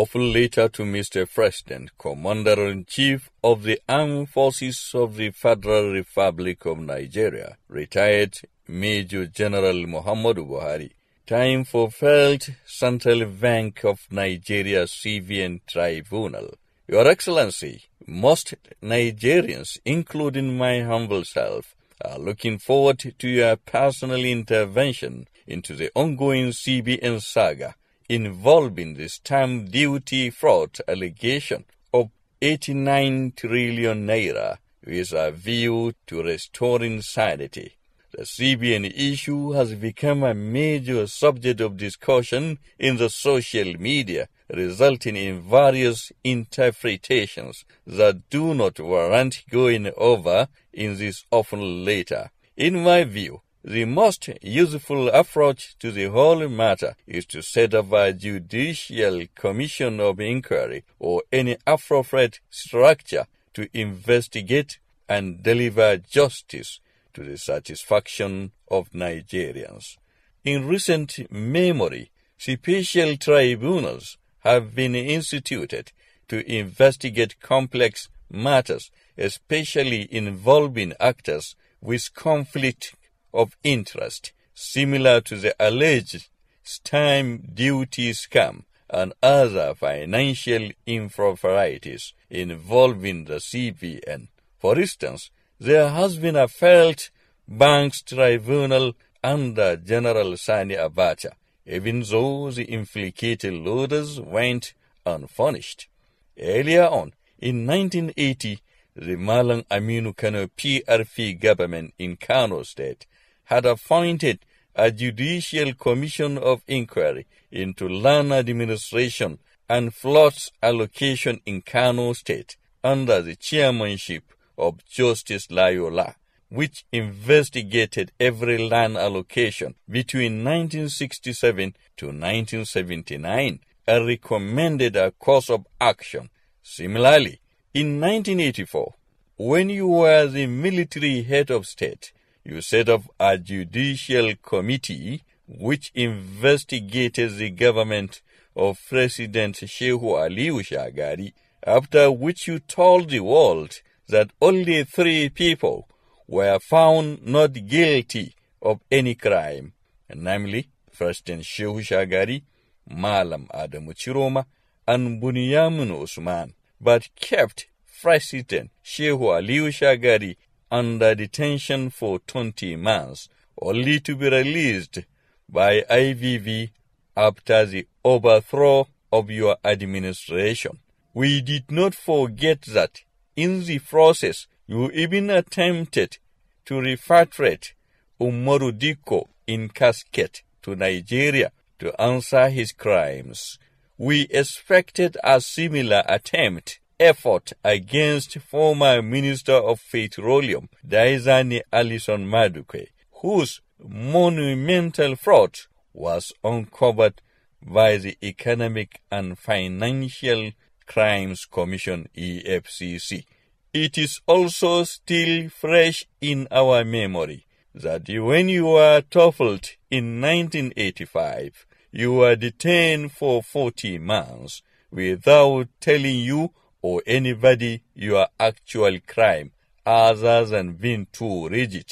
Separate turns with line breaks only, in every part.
of letter to Mr. President, Commander-in-Chief of the Armed Forces of the Federal Republic of Nigeria, retired Major General Muhammadu Buhari. Time for felt Central Bank of Nigeria Civil Tribunal. Your Excellency, most Nigerians, including my humble self, are looking forward to your personal intervention into the ongoing CBN saga involving the stamp duty fraud allegation of 89 trillion naira with a view to restoring sanity. The CBN issue has become a major subject of discussion in the social media, resulting in various interpretations that do not warrant going over in this often later. In my view, the most useful approach to the whole matter is to set up a judicial commission of inquiry or any appropriate structure to investigate and deliver justice to the satisfaction of Nigerians. In recent memory, special tribunals have been instituted to investigate complex matters, especially involving actors with conflict of interest, similar to the alleged stamp duty scam and other financial improprieties involving the CBN. For instance, there has been a felt banks tribunal under General Sani Abacha, even though the implicated loaders went unfurnished. Earlier on, in 1980, the Malang Aminu Kano PRP government in Kano state had appointed a judicial commission of inquiry into land administration and plots allocation in Kano State under the chairmanship of Justice Layola, which investigated every land allocation between 1967 to 1979 and recommended a course of action. Similarly, in 1984, when you were the military head of state, you set up a judicial committee which investigated the government of President Shehu Aliyu Shagari, after which you told the world that only three people were found not guilty of any crime, namely President Shehu Shagari, Malam Adamu Chiroma, and Bunyamin Usman, but kept President Shehu Aliyu Shagari under detention for 20 months, only to be released by IVV after the overthrow of your administration. We did not forget that in the process you even attempted to repatriate Umaru Diko in casket to Nigeria to answer his crimes. We expected a similar attempt effort against former Minister of Faith Rolium Daisani Alison Maduke, whose monumental fraud was uncovered by the Economic and Financial Crimes Commission EFCC. It is also still fresh in our memory that when you were toppled in 1985, you were detained for 40 months without telling you or anybody your actual crime other than being too rigid.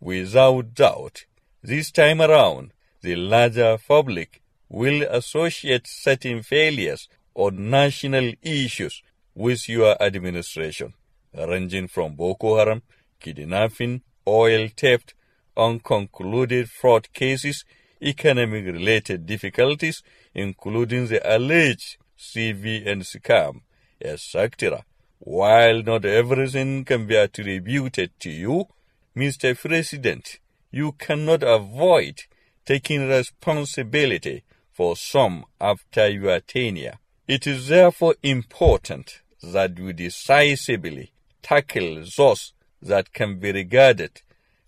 Without doubt, this time around, the larger public will associate certain failures on national issues with your administration, ranging from Boko Haram, kidnapping, oil theft, unconcluded fraud cases, economic-related difficulties, including the alleged CV and scam a While not everything can be attributed to you, Mr. President, you cannot avoid taking responsibility for some after your tenure. It is therefore important that you decisively tackle those that can be regarded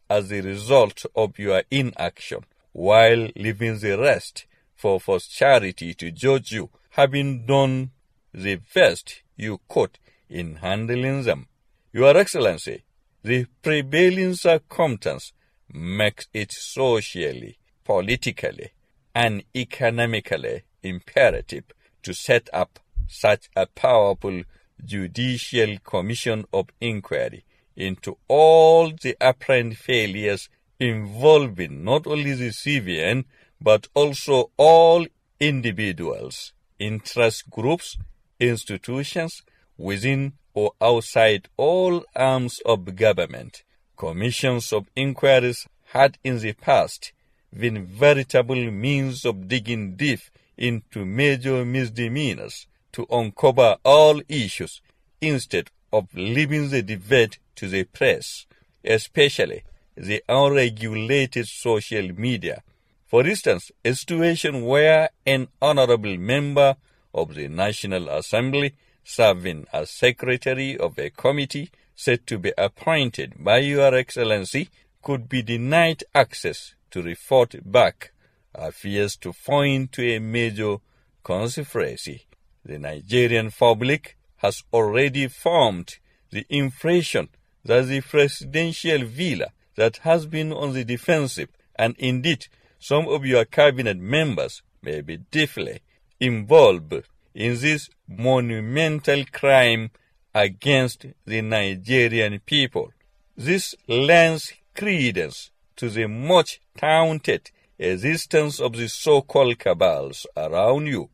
as the result of your inaction, while leaving the rest for charity to judge you, having done the best you could in handling them. Your Excellency, the prevailing circumstance makes it socially, politically, and economically imperative to set up such a powerful judicial commission of inquiry into all the apparent failures involving not only the CVN but also all individuals, interest groups, institutions within or outside all arms of government. Commissions of inquiries had in the past been veritable means of digging deep into major misdemeanors to uncover all issues instead of leaving the debate to the press, especially the unregulated social media. For instance, a situation where an honorable member of the National Assembly, serving as secretary of a committee said to be appointed by Your Excellency, could be denied access to report back appears to point to a major conspiracy. The Nigerian public has already formed the impression that the presidential villa that has been on the defensive, and indeed some of your cabinet members, may be deeply involved in this monumental crime against the Nigerian people. This lends credence to the much taunted existence of the so-called cabals around you.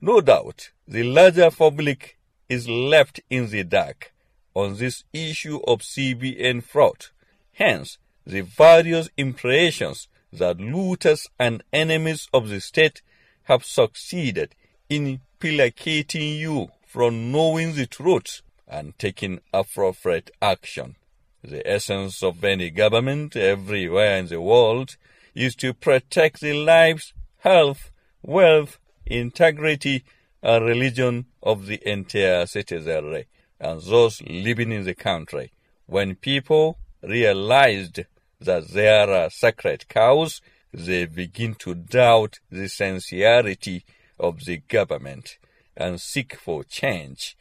No doubt, the larger public is left in the dark on this issue of CBN fraud. Hence, the various impressions that looters and enemies of the state have succeeded in placating you from knowing the truth and taking appropriate action. The essence of any government everywhere in the world is to protect the lives, health, wealth, integrity, and religion of the entire citizenry and those living in the country. When people realized that there are sacred cows they begin to doubt the sincerity of the government and seek for change.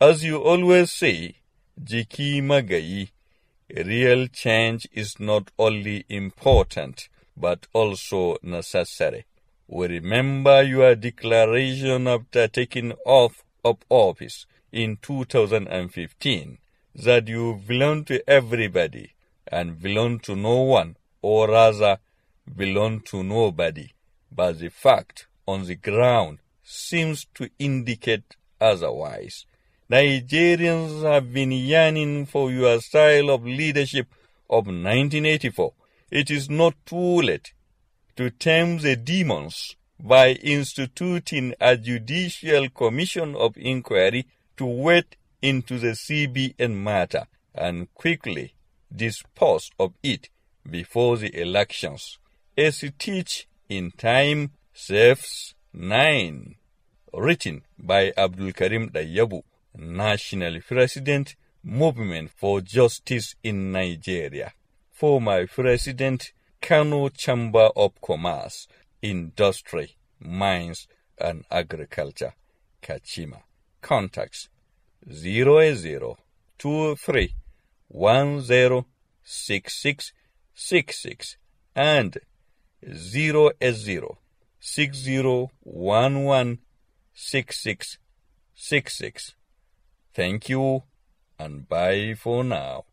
As you always say, Jiki Magai, real change is not only important but also necessary. We remember your declaration after taking off of office in 2015 that you belong to everybody and belong to no one, or rather, belong to nobody, but the fact on the ground seems to indicate otherwise. Nigerians have been yearning for your style of leadership of 1984. It is not too late to tame the demons by instituting a judicial commission of inquiry to wade into the CBN matter and quickly dispose of it before the elections a teach in time saves nine. Written by Abdul Karim Dayabu, National President, Movement for Justice in Nigeria. Former President, Kano Chamber of Commerce, Industry, Mines and Agriculture, Kachima. Contacts 0 23 10 66 66 and Zero 080 zero, six zero one one, six six, six six. Thank you and bye for now.